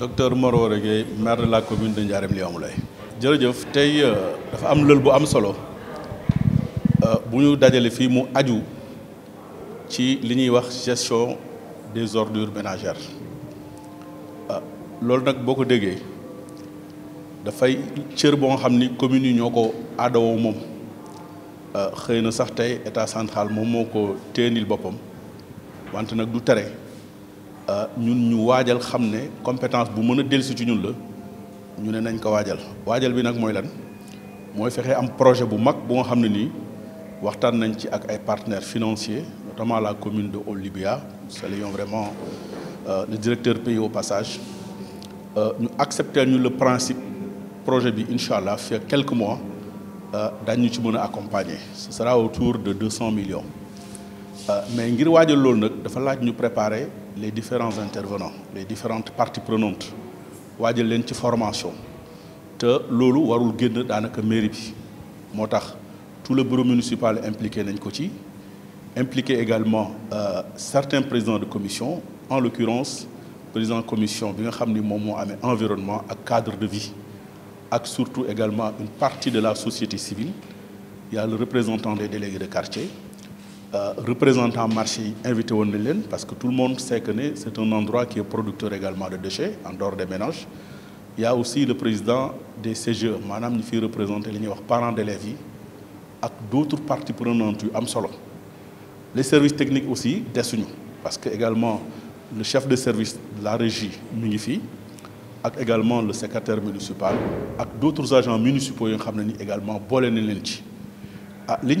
docteur Moro Rege, maire de la commune de Je le jërëjëf tay euh, dafa am leul bu am solo euh buñu dajalé fi mu aju ci wax gestion des ordures ménagères Je lool nak boko da communes mom sax central euh, ñun ñu waajal xam ne compétence bu mën a dellusi ci ñun la ñu ne nañ ko waajal waajal bi nag mooy lan mooy am projet bu mag bu nga xam ne nii waxtaan nañ ci ak ay partenaires financiers notamment la commune de Olibia Nous saluons vraiment euh, le directeur pays au passage euh, ñu accepter ñu le principe projet bi incha allah fii quelques mois dañu ci mën a accompagner ce sera autour de 200 millions mais ngir waajal loolu nag dafa laaj ñu préparer les différents intervenants les différentes parties prenantes formation mairie tout le bureau municipal impliqué dans ko ci impliqué également euh, certains présidents de commission en l'occurrence président commission bi nga xamni mom moom environnement cadre de vie ak surtout également une partie de la société civile il y a le représentant des délégués de quartier euh, représentant marché invité au parce que tout le monde sait que c'est un endroit qui est producteur également de déchets en dehors des ménages il y a aussi le président des CGE Madame Nifi, représente les parents d'élèves d'autres parties prenantes les services techniques aussi desuñu parce que également le chef de service de la régie mi et également le secrétaire municipal et d'autres agents municipaux qui ont également boole nañ ci ah liñ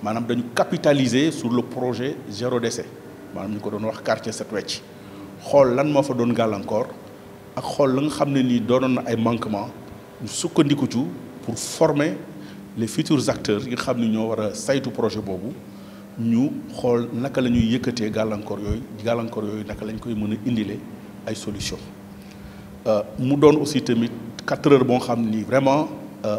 Nous dañu capitaliser sur le projet zéro décès. manam ñu ko doon wax quartier lan fa doon ak nga manquement ñu pour former les futurs acteurs qui xamni projet nous ñu xol naka yëkëté naka lañ solution euh, mu aussi tamit quatre heures vraiment euh,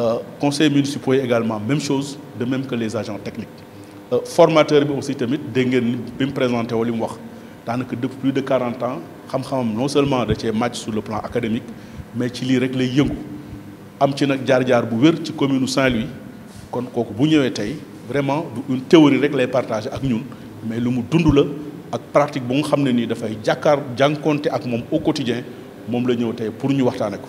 Euh, conseil municipaux également même chose de même que les agents techniques euh, formateur aussi tamit dégg ngeen bi présenté au li mu wax depuis plus de quarante ans xam xam non seulement de cee màcc sur le plan académique mais ci li rek lay yëngu am ci nak jaar-jaar bu wér ci commune Saint-Louis kon koku bu ñëwé tay vraiment du une théorie rek lay partager ak ñun mais lu mu dund la ak pratique bu nga xamné ni da fay jakar jankonté ak mom au quotidien mom la ñëw tay pour ñu waxtané ko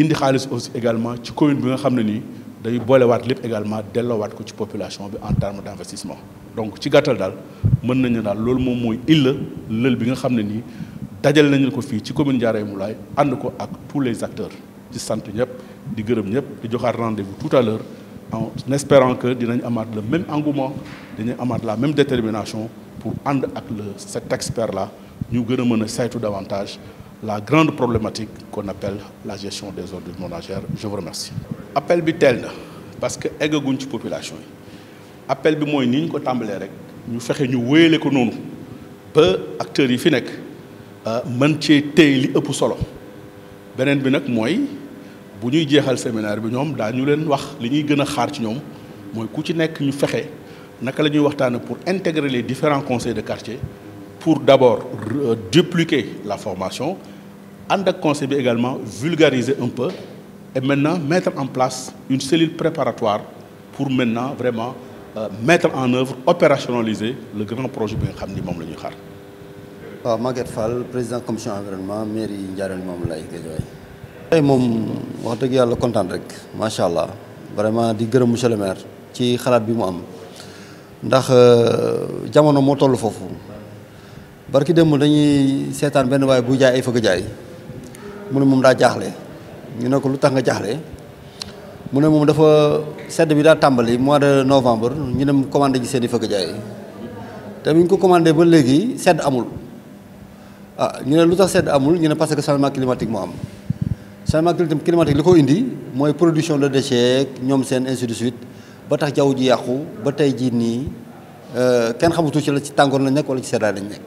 indi xaalis aussi également ci commune bi nga xam ne nii day boolewaat lépp également delloowaat ko ci population bi en terme d' investissement donc ci gàttal daal mën nañu daal loolu moom mooy illa lël bi nga xam ne nii dajal nañu ko fii ci commune Ndiarème Moulay ànd ko ak tous les acteurs ci sant ñëpp di gërëm ñëpp di joxaat rendez-vous tout à l'heure en espérant que dinañ amaat le même engouement dinañ amaat la même détermination pour ànd ak le cet expert là ñu gën a mën a saytu davantage la grande problématique qu'on appelle la gestion des ordures ménagères je vous remercie. appel bi teel parce que eggaguñ ci population appel bi moy niñ ko tambalé rek ñu fexé ñu wéyale ko nonu ba acteurs yi fi nekk euh, mën cee téye li ëpp solo benen bi nak moy bu ñuy séminaire bi ñom daa ñu leen wax li ñuy gëna xaar ci ñom moy ku ci nek ñu fexé naka lañuy ñuy pour intégrer les différents conseils de quartier pour d'abord euh, dupliquer la formation, en conseil également vulgariser un peu et maintenant mettre en place une cellule préparatoire pour maintenant vraiment euh, mettre en œuvre, opérationnaliser le grand projet bi nga xam ni moom président de xaar. Fall président commission environnement mairie Ndiarème Limamoulaye Guédiawaye. tey moom wax dëgg yàlla kontaan rek vraiment di gërëm monsieur le maire ci xalaat bi mu am ndax euh, jamono content. barki dem dañuy setan ben way bu jaay fa ko jaay mu ne moom daa jaaxle ñu ne ko lu tax nga jaxlé mu ne moom dafa sedd bi da tambali mois de novembre ñu dem commandé ji seen fa ko jaay té buñ ko commandé ba légui sedd amul ah ñu ne lu tax sedd amul ñu ne parce que changement climatique mo am changement climatique liko indi moy production de déchets ñom seen ainsi de suite ba tax jaw ji yaxu ba ji ni euh kenn xamatu ci la ci tangor la nek wala ci seddaay la nek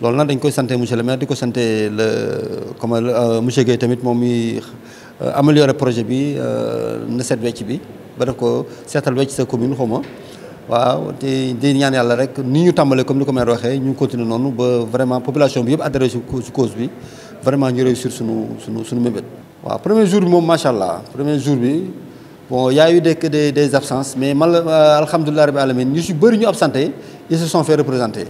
loolu nag dañ koy santé monsieur le maire diko santé le comme euh, monsieur Guèye tamit momi euh, améliorer projet bi euh, ne set wecc bi ba def ko seetal wecc sa commune xoma waaw té di ñaan yalla rek ni ñu tàmbalee comme ni ko maire waxee ñu continuer nonu ba vraiment population bi yeb adhéré ci cause bi vraiment ñu réussir suñu suñu suñu mébét. waaw premier jour bi moom macha premier jour bi bon y a eu des des absences mais mal alhamdulilah rabbi alamin ñu si bëri ñu absenté ils se sont fait représenter.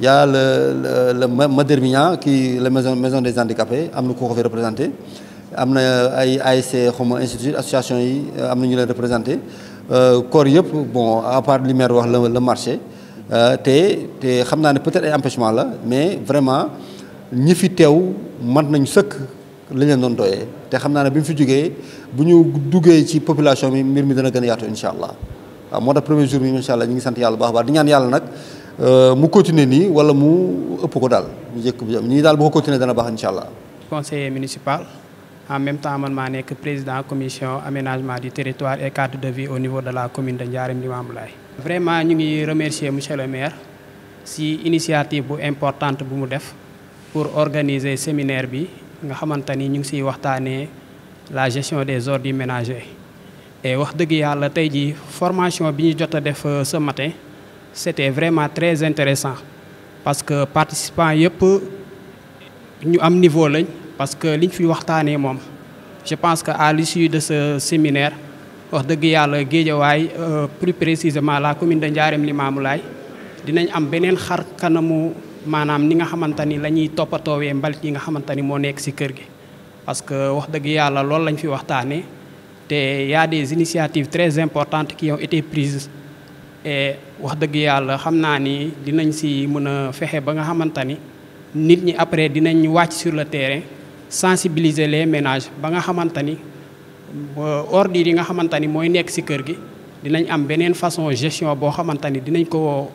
Il y a le, le, le Madermignan, qui les maisons maison des handicapés, Amnou Kourove est représenté. Amna ASC, Institut, association, Amnou Nul est représenté. Euh, corps, bon, à part l'imère, le, le marché. Euh, te te xam naa ne peut-être ay empêchement là mais vraiment ñi fi teew mat nañu sëkk li leen doon doyee te xam naa ne bi mu fi jógee bu ñu ci population bi mbir mi dana gën a yaatu incha allah waaw premier jour bi incha allah ñu ngi sant yàlla bu baax baax di ñaan yàlla nag euh, mu continuer ni wala mu ëpp ko daal mu jëkk bi ñii daal bu ko continuer dana baax incha conseiller municipal en même temps man maa nekk président commission aménagement du territoire et cadre de vie au niveau de la commune de Ndiarème Limamoulaye. vraiment ñu ngi remercier monsieur le maire si initiative bu importante bu mu def pour organiser séminaire bi nga xamante ni ñu ngi siy la gestion des ordures ménagers. et wax dëgg yàlla tey jii formation bi ñu jot a def euh, ce matin c'était vraiment très intéressant parce que participants yëpp ñu am niveau parce que liñ fi waxtaanee mom je pense que à l'issue de ce séminaire wax dëgg yàlla Guédiawaye euh, plus précisément la commune de Ndiarème Limamoulaye dinañ am benen xar kanamu manam ni nga xamantani lañuy topato wé mbal mbalit yi nga xamantani mo moo nekk ci kër gi parce que wax deug yalla lool lañ fi té y a des initiatives très importantes qui ont été prises et wax dëgg yàlla xam naa ni dinañ si mën a fexe ba nga xamante ni nit ñi après dinañ wàcc sur le terrain sensibiliser les ménages ba nga xamante ni ordures yi nga xamante ni mooy nekk si kër gi dinañ am beneen façon gestion boo xamante ni dinañ ko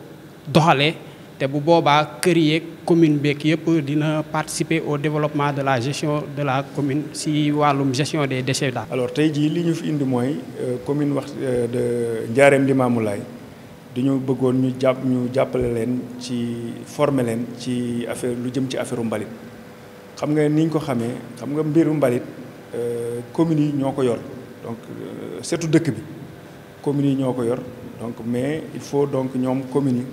doxalee te bu boobaa kër yeeg commune beeg yëpp dina participer au développement de la gestion de la commune si wàllum gestion des déchets daal. alors tey jii li ñu fi indi mooy euh, commune wax euh, de Ndiarème Limamoulaye dañoo bëggoon ñu jàpp ñu jàppale leen ci former ci affaire lu jëm ci affaire mbalit xam nga niñ ko xamé xam nga mbiru mbalit euh commune ñoko yor donc euh, tout dëkk bi commune ñoko yor donc mais il faut donc ñom commune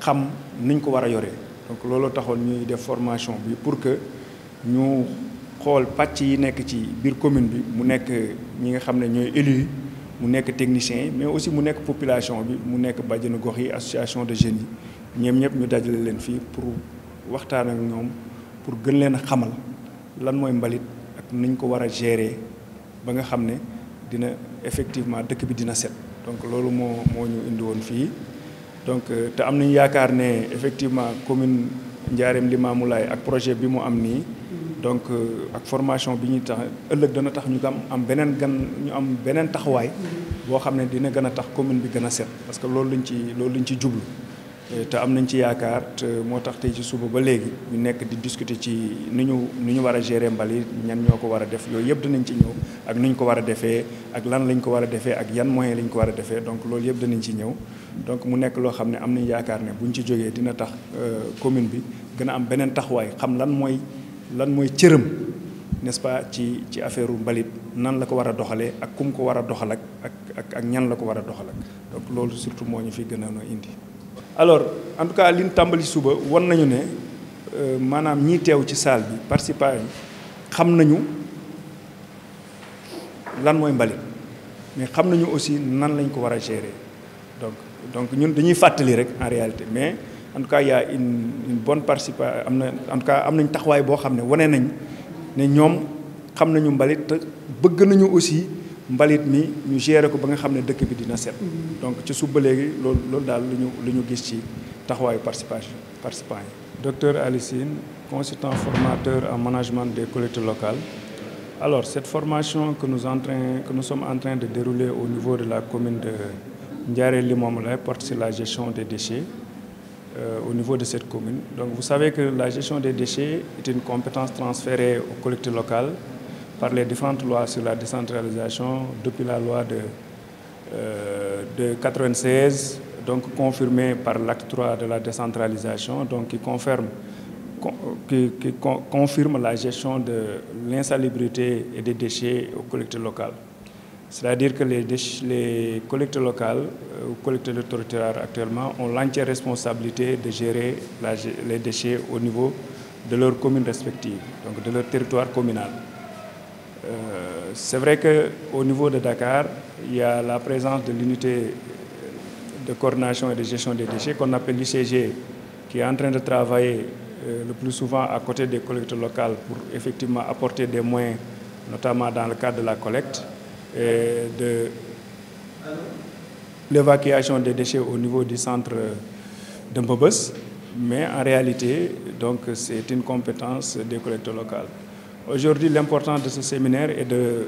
xam niñ ko wara yoré donc lolo taxone ñuy def formation bi pour que ñu xol pàcc yi nekk ci bir commune bi mu nekk ñi nga xamné ñoy élus mu nekk techniciens mais aussi mu nekk population bi mu nekk bàjjenu gox association de génie. yi ñoom ñu dajale leen fii pour waxtaan ak ñoom pour gën leen xamal lan mooy mbalit ak nañ ko war a gérer ba nga xam dina effectivement dëkk bi dina set donc lolu mo mo ñu indi won fi donc euh, te am nañu yaakar né effectivement commune Ndiarème Limamoulaye ak projet bi mu am ni donc euh, ak formation bi ñuy tax ëllëg dana tax ñu am am beneen gan ñu am benen taxawaay bo xam dina gëna tax commune bi gëna set parce que loolu lañ ci loolu lañ ci jublu té am nañ ci yaakaar té moo tax tey ci suba ba légui ñu nekk di discuter ci ni ñu wara gérer mbali ñan ñoko wara def yooyu yeb dinañ ci ñew ak nu ko wara défé ak lan lañ ko wara défé ak yan moyen lañ ko wara défé donc loolu yeb dinañ ci ñew donc mu nekk lo xamné am nañ yaakaar né buñ ci joggé dina tax euh commune bi gëna am benen taxawaay xam lan moy lan mooy cëram n'est-ce pas ci ci affaire mbalit nan la ko war a doxalee ak kum ko war a doxal ak ak ak ñan la ko war a doxal ak donc loolu surtout moo ñu fi gën a indi. alors en tout cas li tàmbali suba wan nañu ne euh, maanaam ñii teew ci salle bi participants yi xam nañu lan mooy mbalit mais xam nañu aussi nan lañ ko war a gérer donc donc ñun dañuy fàttali rek en réalité mais. en tout cas y' a une une bonne participation en tout cas am nañ taxawaay boo xam ne nañ né ñom xam nañu mbalit te bëgg nañu aussi mbalit mi ñu gérer ko ba nga xamné dëkk bi dina sét donc ci suba légui lool lool daal luñu luñu gis ci taxway participation participant docteur Alicine consultant formateur en management des collectivités locales. Alors, cette formation que nous, en train, que nous, sommes en train de dérouler au niveau de la commune de Ndiare Limomoulay porte sur la gestion des déchets. Euh, au niveau de cette commune. Donc vous savez que la gestion des déchets est une compétence transférée au collectif local par les différentes lois sur la décentralisation depuis la loi de, 1996, euh, donc confirmée par l'acte 3 de la décentralisation, donc qui confirme, la gestion de l'insalubrité et des déchets au collectif local. C'est-à-dire que les, les collecteurs locales euh, ou collecteurs territoire actuellement ont l'entière responsabilité de gérer les déchets au niveau de leur commune respective, donc de leur territoire communal. Euh, c'est vrai qu'au niveau de Dakar, il y a la présence de l'unité de coordination et de gestion des déchets qu'on appelle l'ICG, qui est en train de travailler euh, le plus souvent à côté des collecteurs locales pour effectivement apporter des moyens, notamment dans le cadre de la collecte de l'évacuation des déchets au niveau du centre euh, de Mbobos, mais en réalité, donc, c'est une compétence des collecteurs locaux. Aujourd'hui, l'important de ce séminaire est de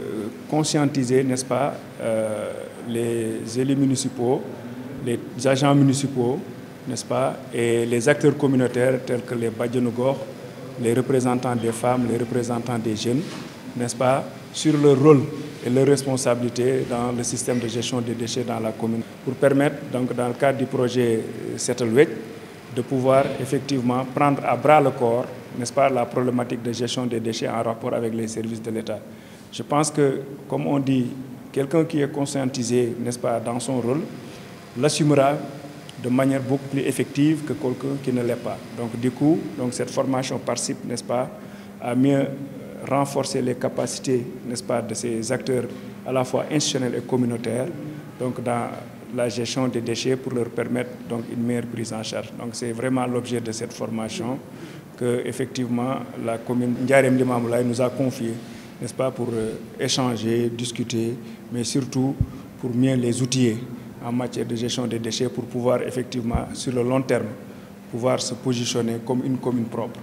conscientiser, n'est-ce pas, euh, les élus municipaux, les agents municipaux, n'est-ce pas, et les acteurs communautaires tels que les Badjanogor, les représentants des femmes, les représentants des jeunes, n'est-ce pas, sur leur rôle et leurs responsabilités dans le système de gestion des déchets dans la commune pour permettre, donc, dans le cadre du projet euh, Settleweg, de pouvoir effectivement prendre à bras le corps, n'est-ce pas, la problématique de gestion des déchets en rapport avec les services de l'État. Je pense que, comme on dit, quelqu'un qui est conscientisé, n'est-ce pas, dans son rôle, l'assumera de manière beaucoup plus effective que quelqu'un qui ne l'est pas. Donc, du coup, donc, cette formation participe, n'est-ce pas, à mieux renforcer les capacités, n'est-ce pas, de ces acteurs à la fois institutionnels et communautaires, donc dans la gestion des déchets pour leur permettre donc une meilleure prise en charge. Donc c'est vraiment l'objet de cette formation que effectivement la commune Ndiarem de nous a confiée, n'est-ce pas, pour euh, échanger, discuter, mais surtout pour mieux les outiller en matière de gestion des déchets pour pouvoir effectivement sur le long terme pouvoir se positionner comme une commune propre.